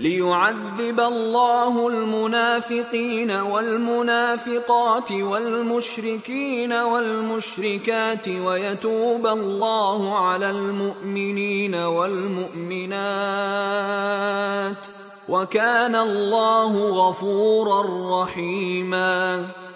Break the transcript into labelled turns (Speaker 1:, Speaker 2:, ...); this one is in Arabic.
Speaker 1: ليعذب الله المنافقين والمنافقات والمشركين والمشركات ويتوب الله على المؤمنين والمؤمنات وكان الله غفورا رحيما